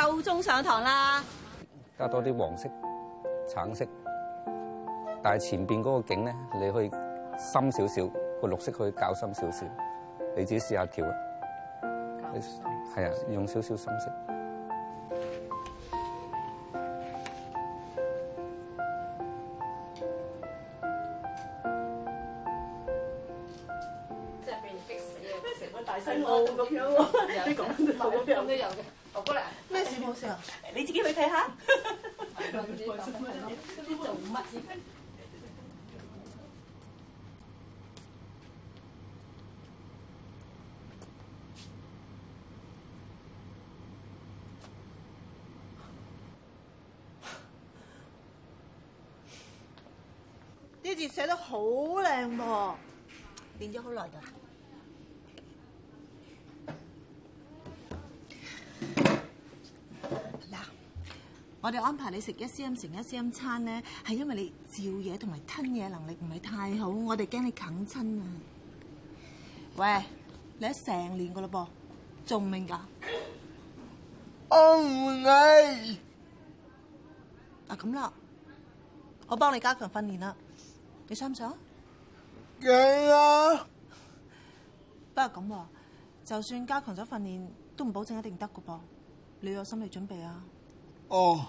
夠鐘上堂啦！加多啲黃色、橙色，但係前邊嗰個景咧，你可以深少少個綠色可以較深少少，你自己試下調啊！係啊，用少少深色。真係俾逼死啊！成班大細佬咁樣，啲講都都有嘅水，我過嚟。 你自己去睇下。呢 字寫得好靚噃，練咗好耐㗎。我哋安排你食一 CM 乘一 CM 餐咧，係因為你照嘢同埋吞嘢能力唔係太好，我哋驚你啃親啊！喂，你成年噶啦噃，仲唔明噶？哦啊？我唔明。啊，咁啦，我幫你加強訓練啦，你想唔想？驚啊了！不過咁，就算加強咗訓練，都唔保證一定得噶噃，你要有心理準備啊！哦。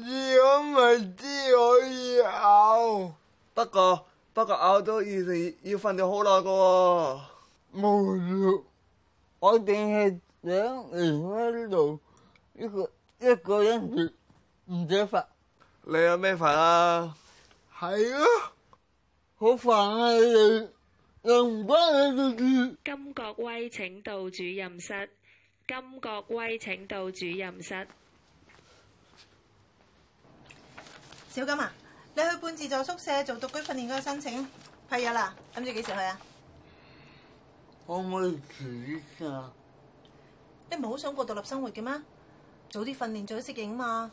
如果未知可以咬，不過不過咬咗以前要瞓得好耐嘅喎。冇料，我定係想離開呢度，一個一個人住唔使煩。你有咩、啊、 煩啊？係啊，好煩啊你，又唔關佢哋。金國威請到主任室，金國威請到主任室。小金啊，你去半自助宿舍做獨居訓練嘅申請，係啊，啦，噉你幾時去啊？可唔可以遲啲啊？你唔係好想過獨立生活嘅咩？早啲訓練早啲適應嘛。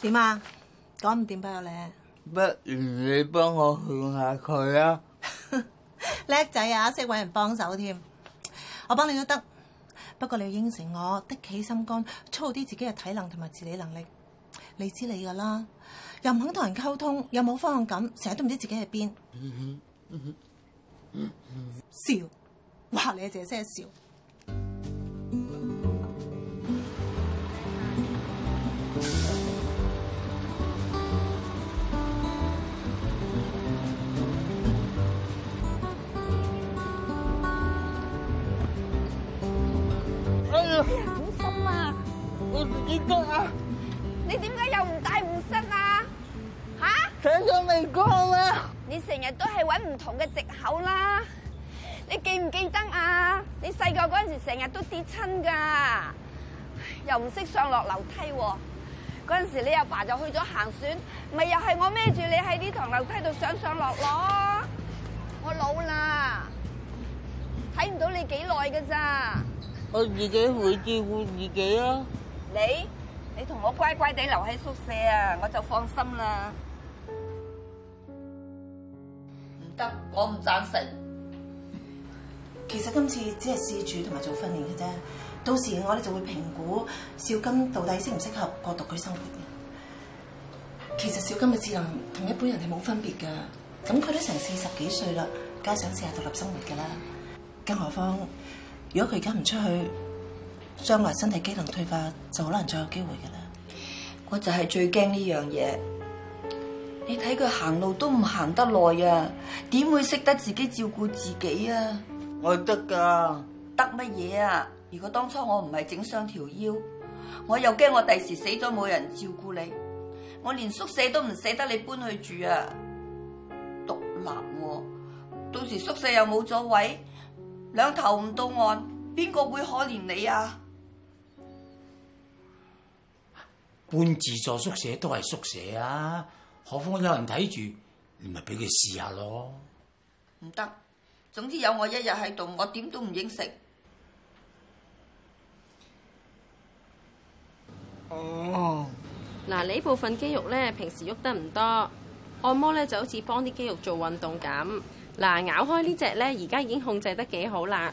點啊？ 趕唔掂我，你不如你幫我勸下佢啊。叻仔啊，識搵人幫手添，我幫你都得。不過你要應承我，的起心肝，操啲自己嘅體能同埋自理能力。你知你噶啦，又唔肯同人溝通，又冇方向感，成日都唔知自己喺邊，。 笑，哇！你、啊、姐姐笑。好心啊！我自己過啊！你點解又唔戴護膝啊？吓！扯咗未乾啊！你成日都係搵唔同嘅藉口啦！你記唔記得啊？你細個嗰陣時成日都跌親噶，又唔識上落樓梯。嗰陣時你阿爸就去咗行船，咪又係我孭住你喺呢堂樓梯度上上落落。我老啦，睇唔到你幾耐噶咋？我自己會照顧自己啊。你，你同我乖乖地留喺宿舍啊，我就放心啦。唔得，我唔贊成。其實今次只係試住同埋做訓練嘅啫。到時我哋就會評估小金到底適唔適合過獨居生活。其實小金嘅智能同一般人係冇分別㗎。咁佢都成四十幾歲啦，加上試下獨立生活噶啦，更何況。如果佢而家唔出去，將來身體機能退化就好難再有機會噶啦。我就係最驚呢樣嘢，你睇佢行路都唔行得耐啊，點會識得自己照顧自己啊？我得噶，得乜嘢啊？如果當初我唔係整傷條腰，我又驚我第時死咗冇人照顧你，我連宿舍都唔捨得你搬去住啊！獨立喎，到時宿舍又冇咗位。兩頭唔到岸，邊個會可憐你啊？半自助宿舍都係宿舍啊，何況有人睇住，你咪俾佢試下咯。唔得，總之有我一日喺度，我點都唔應承。哦，嗱，呢 部分肌肉咧，平時喐得唔多，按摩咧就好似幫啲肌肉做運動咁。嗱、呃，咬開隻呢隻咧，而家已經控制得幾好啦。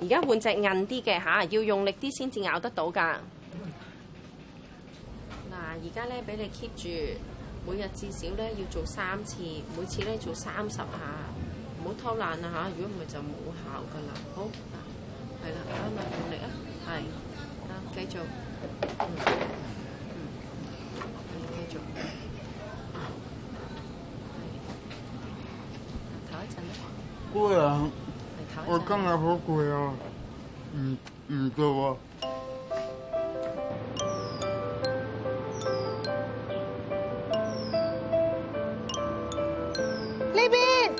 而家換隻硬啲嘅嚇，要用力啲先至咬得到噶。嗱、嗯，而家咧俾你 keep 住，每日至少咧要做三次，每次咧做三十下，唔好偷懶啊嚇！如果唔係就冇效噶啦。好，係、啊、啦，咁啊用力啊，係，啊繼續，嗯嗯，嗯，嗯，繼續。對、嗯、啊，我今日好攰啊。嗯嗯邊，對唔的。呢邊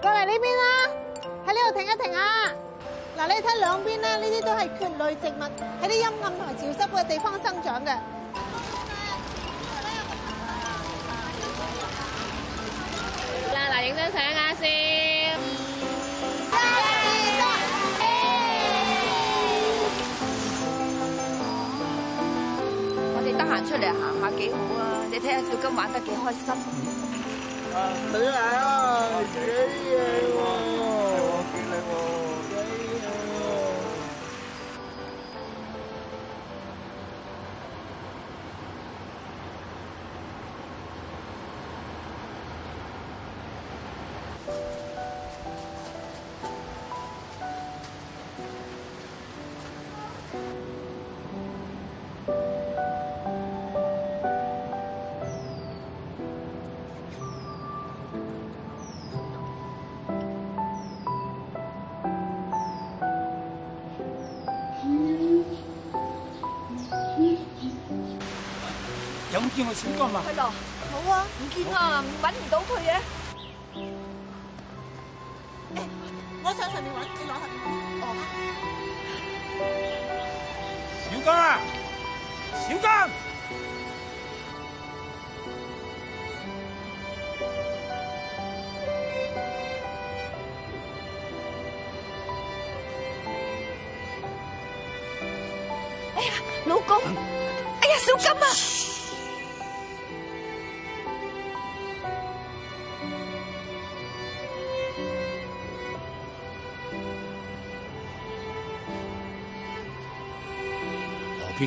過嚟，呢邊啦，喺呢度停一停啊。嗱，你睇兩邊咧，呢啲都係蕨類植物，喺啲陰暗同潮濕嘅地方生長嘅。影張相啊先！我哋得閒出嚟行下幾好啊！你睇下小金玩得幾開心。啊，你嚟啊！小金嘛，係咯，冇啊，唔見啊，搵唔到佢嘅。我上上面搵，你攞下。哦。小金啊，小金啊！哎呀，老公，哎呀，小金啊！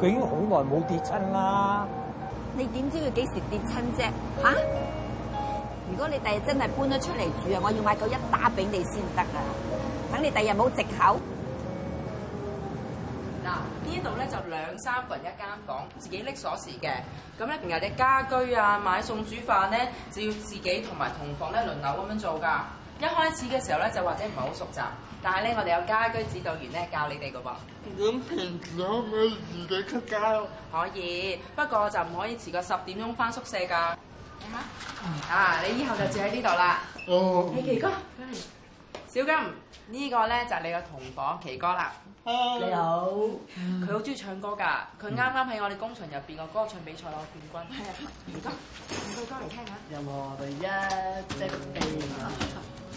佢已經好耐冇跌親啦！你點知佢幾時跌親啫？嚇、啊！如果你第日真係搬咗出嚟住啊，我要買個一打俾你先得啊！等你第日冇藉口嗱，呢度咧就兩三個人一間房，自己拎鎖匙嘅。咁咧，平日嘅家居啊，買餸煮飯咧，就要自己同埋同房咧輪流咁樣做㗎。一開始嘅時候咧，就或者唔係好熟習，但係咧，我哋有家居指導員咧教你哋嘅喎。咁平時可唔可以自己出街？可以，不過就唔可以遲過十點鐘返宿舍㗎。嚇！啊，你以後就住喺呢度啦。哦。你奇哥，小金呢個咧就係你嘅同房奇哥啦。你好。佢好中意唱歌㗎，佢啱啱喺我哋工場入邊個歌唱比賽攞冠軍。係啊，奇哥，五句歌嚟聽下。有冇？我哋一隻飛。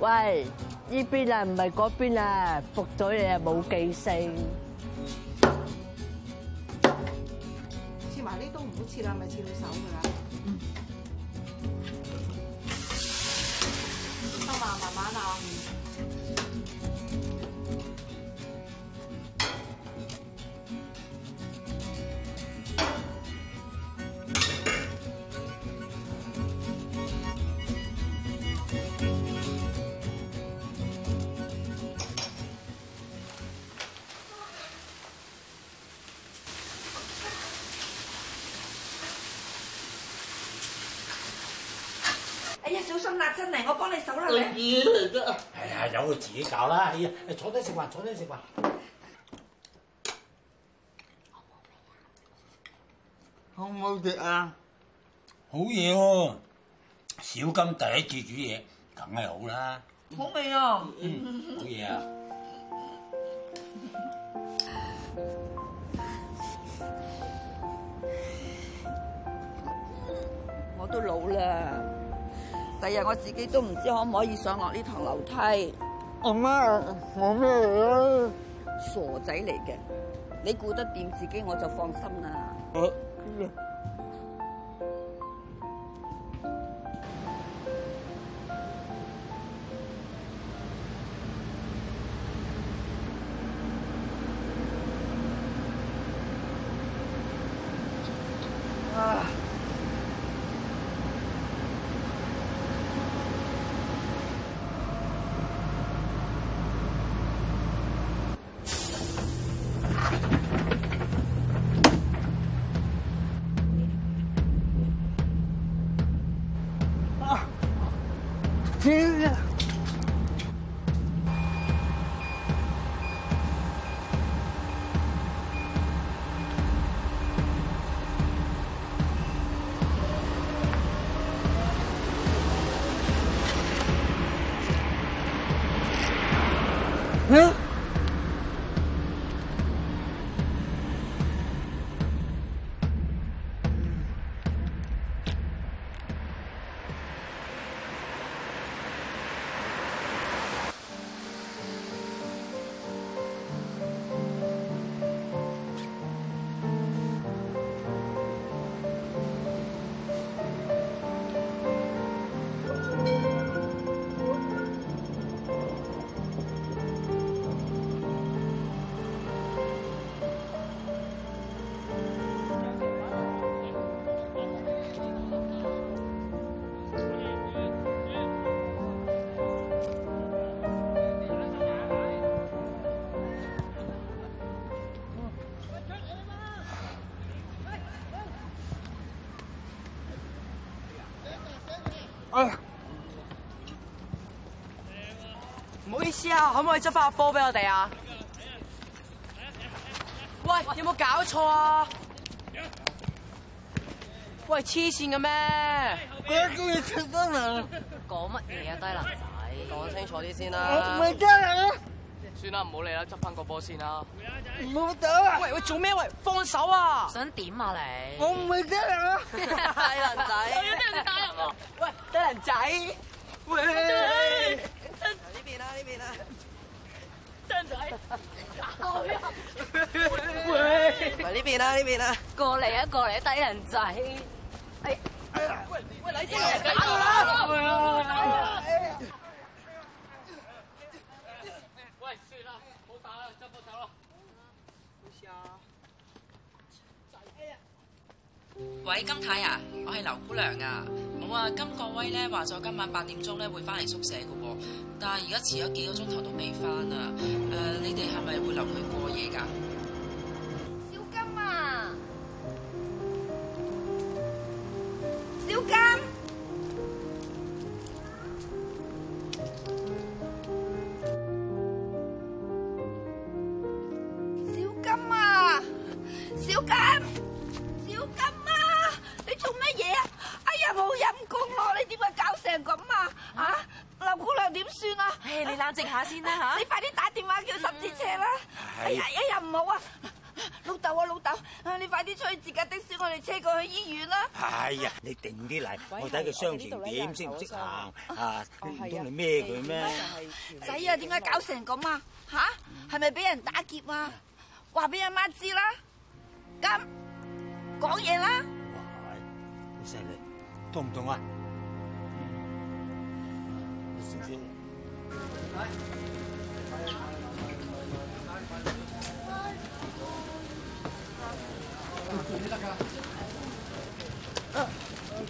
喂，呢邊啊唔係嗰邊啊，服咗你啊冇記性，切埋呢都唔好切啦，咪切到手㗎啦。真嚟，我幫你手啦，你了。係啊、哎，由佢自己搞啦。哎呀，坐低食飯，坐低食飯。好唔好食啊？好嘢喎、啊！小金第一次煮嘢，梗係好啦、啊。好味啊！嗯，好嘢啊！ 我都老啦。第日我自己都唔知可唔可以上落呢層樓梯。阿媽，媽，我咩啊？傻仔嚟嘅，你顧得掂自己我就放心啦。嗯嗯嗯。可唔可以執翻個波俾我哋啊？喂，有冇搞錯啊？喂，黐線嘅咩？佢要叫你出真人。講乜嘢啊，低能仔？講清楚啲先啦。我唔係低能啊！算啦，唔好理啦，執翻個波先啦。唔好走啊！喂喂，做咩喂？放手啊！想點啊你？我唔係低能啊！低能仔。我有啲人打人喂，低能仔。喂。真。呢邊啦，呢邊啦。仔，喂！嚟呢邊啦，呢邊啦，過嚟啊， 過嚟、啊啊，低人仔、哎，哎、呀喂，喂，嚟啲嘢，欸、打我喂，金太太啊，我係劉姑娘啊。冇啊，金國威咧話咗今晚八點鐘咧會翻嚟宿舍噶噃，但係而家遲咗幾個鐘頭都未翻啊。誒、呃，你哋係咪會留佢過夜噶？係啊，你定啲嚟，我睇佢傷情點，先唔識行啊？唔通你孭佢咩？仔啊，點解搞成咁啊？吓，係咪俾人打劫啊？話俾阿媽知啦，咁講嘢啦，喂，你細力痛唔痛啊？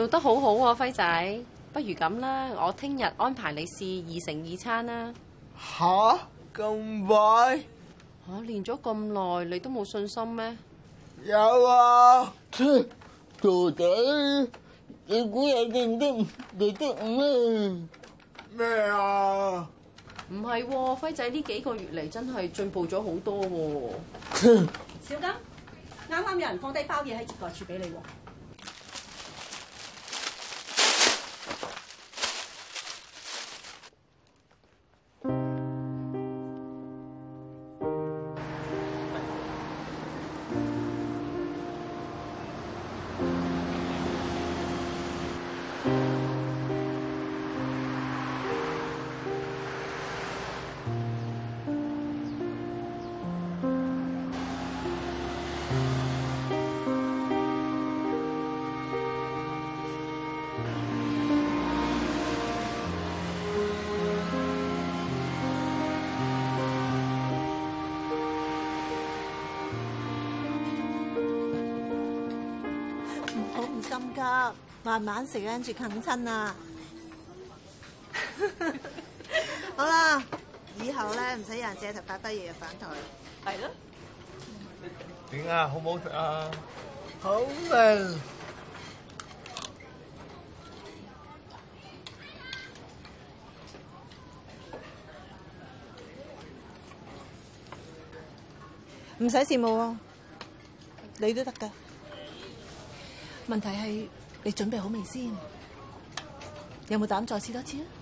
做得好好喎，輝仔，不如咁啦，我聽日安排你試二乘二餐啦。嚇？咁快？嚇，練咗咁耐，你都冇信心咩？有啊。徒弟，你估人哋唔得，你得咩？咩啊？唔係喎，輝仔呢幾個月嚟真係進步咗好多喎。小金，啱啱有人放低包嘢喺接待處俾你喎。慢慢食，跟住啃親啊！好啦，以後咧唔使有人借頭髮低嘢又返台，係咯？點啊？好唔好食啊？好味！唔使羨慕，你都得噶。問題係，你準備好未先？有冇膽再試多次啊？